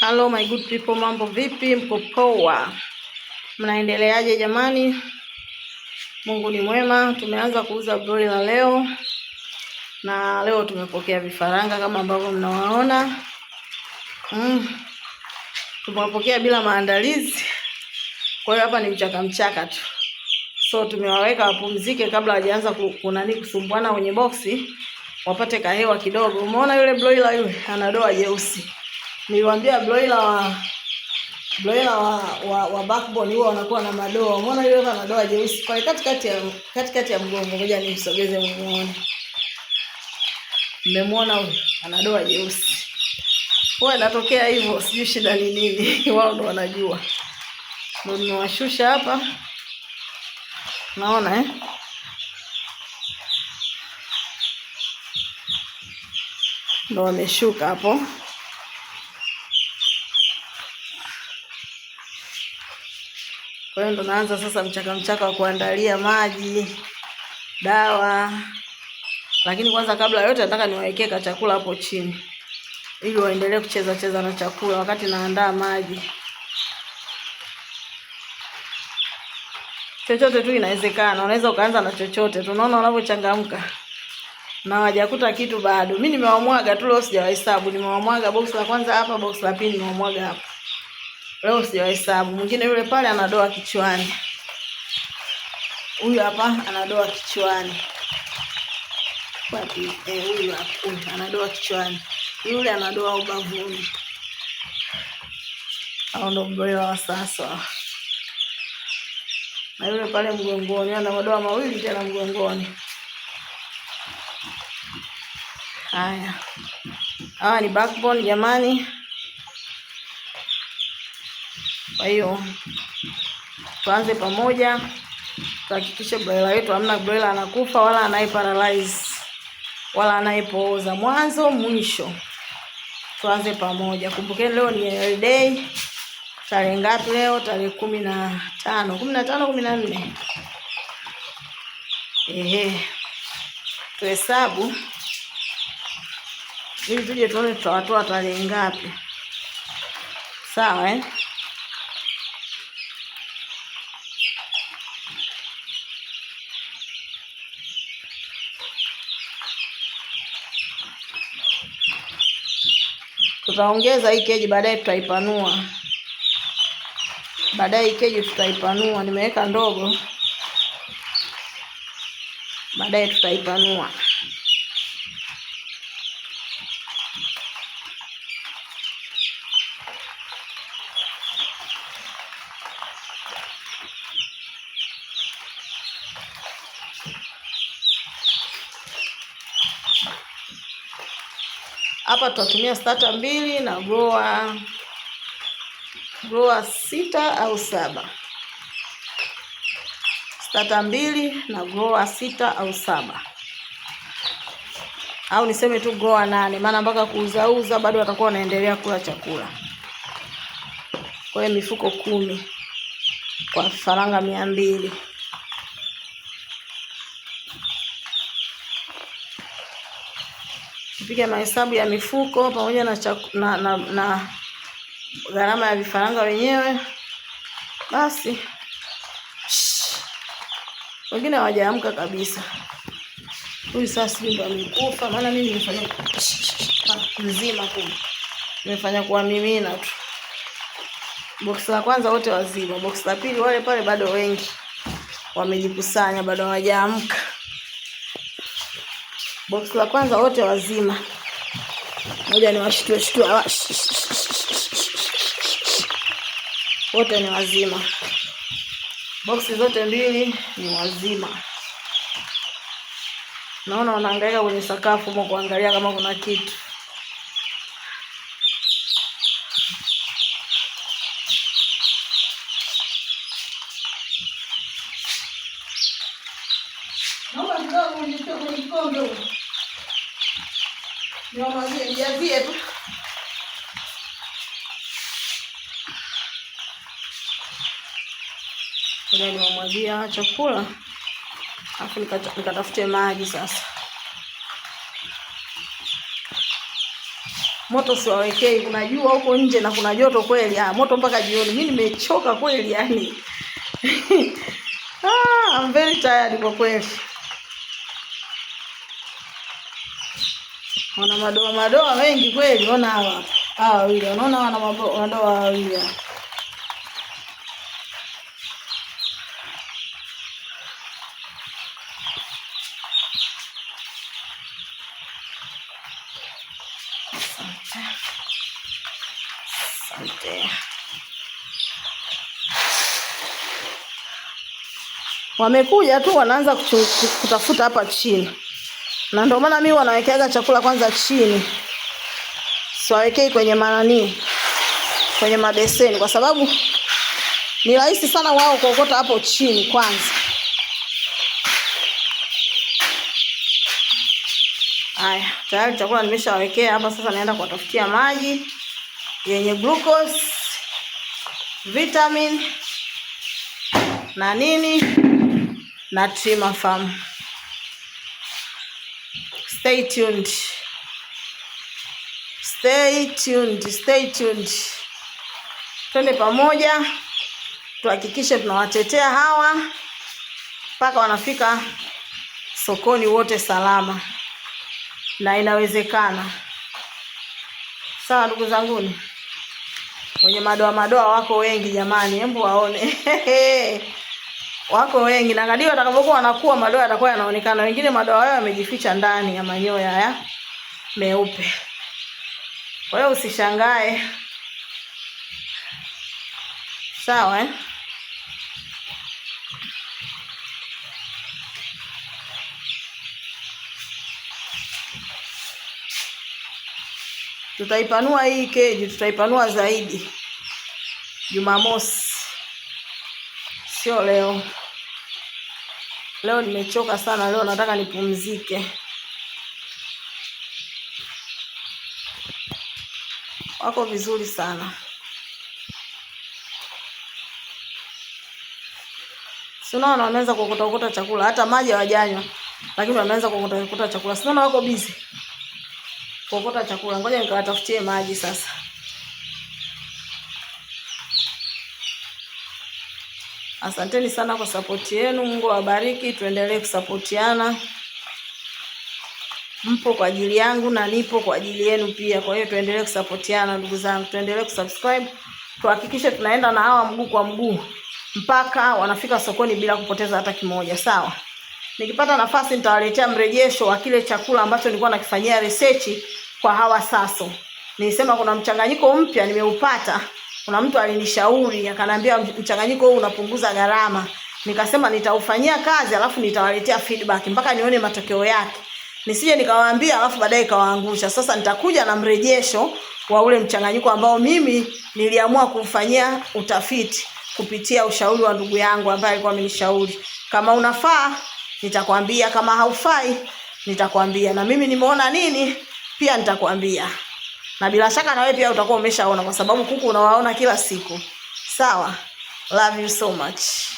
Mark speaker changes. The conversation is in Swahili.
Speaker 1: Hello my good people, mambo vipi? Mko poa? Mnaendeleaje jamani? Mungu ni mwema. Tumeanza kuuza broiler leo, na leo tumepokea vifaranga kama ambavyo mnawaona mm. Tumewapokea bila maandalizi, kwa hiyo hapa ni mchaka mchaka tu, so tumewaweka wapumzike kabla hawajaanza kunani kusumbuana kwenye boksi, wapate kahewa kidogo. Umeona yule broiler yule ana doa jeusi niliwaambia broiler wa broiler wa, wa, wa backbone huwa wanakuwa na madoa. Umeona yule ana doa jeusi kwa katikati ya katikati ya mgongo. Ngoja nimsogeze muone. Mmemwona huyo ana doa jeusi. Huwa inatokea hivyo, sijui shida ni nini. Wao ndo wanajua. Ndo nimewashusha hapa. Naona eh? Ndo wameshuka hapo. Kwa hiyo ndo naanza sasa mchaka mchaka wa kuandalia maji, dawa. Lakini kwanza kabla yote nataka niwaekee ka chakula hapo chini ili waendelee kucheza cheza na chakula wakati naandaa maji. Chochote tu inawezekana, unaweza ukaanza na chochote. Tunaona wanavyochangamka na wajakuta kitu bado. Mimi nimewamwaga tu leo, sijawahesabu. Nimewamwaga box la kwanza hapa, box la pili nimewamwaga hapa leo hesabu Mwingine yule pale anadoa kichwani, huyu hapa anadoa kichwani, wapi? Eh, huyu hapa anadoa kichwani, yule anadoa ubavuni. au ndo mbweha wa sasa, na yule pale mgongoni ana madoa mawili tena mgongoni. Haya, hawa ni backbone jamani. Kwa hiyo tuanze pamoja, tuhakikishe broiler wetu hamna broiler anakufa wala paralyze wala anayepooza, mwanzo mwisho. Tuanze pamoja. Kumbukeni leo ni day. Tarehe ngapi leo? Tarehe kumi na tano, kumi na tano, kumi na nne. Ehe, tuhesabu ili tuje tuone tutawatoa tarehe ngapi, sawa eh? tutaongeza hii keji baadaye, tutaipanua baadaye. Hii keji tutaipanua, nimeweka ndogo, baadaye tutaipanua. Hapa tutatumia starter mbili na grower grower sita au saba. Starter mbili na grower sita au saba au niseme tu grower nane, maana mpaka kuuzauza bado watakuwa wanaendelea kula chakula. Kwa hiyo mifuko kumi kwa faranga mia mbili. kupiga mahesabu ya mifuko pamoja na, na, na, na gharama ya vifaranga wenyewe. Basi wengine hawajaamka kabisa. Huyu sasa ndio amekufa, maana mimi nimefanya mzima tu, nimefanya kuwamimina tu. Box la kwanza wote wazima, box la pili wale pale bado wengi wamejikusanya, bado hawajaamka box la kwanza wote wazima. moja ni washtue shtue wote ni wazima. Boksi zote mbili ni wazima. Naona wanaangalia kwenye sakafu mwa kuangalia kama kuna kitu. Nimwambie mjazie tu. chakula afu nikatafute maji sasa. Moto siwawekei, kuna jua huko nje na kuna joto kweli. Ah, moto mpaka jioni. Mimi nimechoka kweli yani. Ah, I'm very tired kwa kweli. wana madoa madoa wengi kweli. Ona hawa hawa wawili, unaona wana madoa wawili wamekuja tu wanaanza kutafuta hapa chini na ndio maana mimi wanawekeaga chakula kwanza chini, siwawekei kwenye manani, kwenye mabeseni, kwa sababu ni rahisi sana wao kuokota hapo chini kwanza. Haya, tayari chakula nimeshawekea hapa. Sasa naenda kuwatafutia maji yenye glucose, vitamin na nini na Farm. Stay tuned. Stay tuned. Stay tuned. Twende pamoja tuhakikishe tunawatetea hawa mpaka wanafika sokoni wote salama, na inawezekana. Sawa ndugu zanguni, wenye madoa madoa wako wengi jamani, hebu waone wako wengi, na kadiri watakavyokuwa wanakuwa madoa yatakuwa yanaonekana. Wengine madoa yao yamejificha ndani ya manyoya ya meupe. Kwa hiyo usishangae, sawa eh? Tutaipanua hii keji, tutaipanua zaidi Jumamosi, sio leo. Leo nimechoka sana, leo nataka nipumzike. Wako vizuri sana, si unaona? Wanaweza kukuta kukuta chakula, hata maji hawajanywa, lakini wanaweza kukuta kukuta chakula. Si unaona wako busy kuokota chakula? Ngoja nikawatafutie maji sasa. Asanteni sana kwa sapoti yenu. Mungu awabariki, tuendelee kusapotiana. Mpo kwa ajili yangu na nipo kwa ajili yenu pia. Kwa hiyo tuendelee kusapotiana ndugu zangu, tuendelee kusubscribe, tuhakikishe tunaenda na hawa mguu kwa mguu mpaka wanafika sokoni bila kupoteza hata kimoja. Sawa, nikipata nafasi nitawaletea mrejesho wa kile chakula ambacho nilikuwa nakifanyia research kwa hawa Saso. Nilisema kuna mchanganyiko mpya nimeupata kuna mtu alinishauri akanambia, mchanganyiko huu unapunguza gharama. Nikasema nitaufanyia kazi alafu nitawaletea feedback mpaka nione matokeo yake, nisije nikawaambia alafu baadaye ikawaangusha. Sasa nitakuja na mrejesho wa ule mchanganyiko ambao mimi niliamua kufanyia utafiti kupitia ushauri wa ndugu yangu ambaye alikuwa amenishauri. Kama unafaa nitakwambia, kama haufai nitakwambia, na mimi nimeona nini pia nitakwambia na bila shaka na wewe pia utakuwa umeshaona, kwa sababu kuku unawaona kila siku. Sawa, love you so much.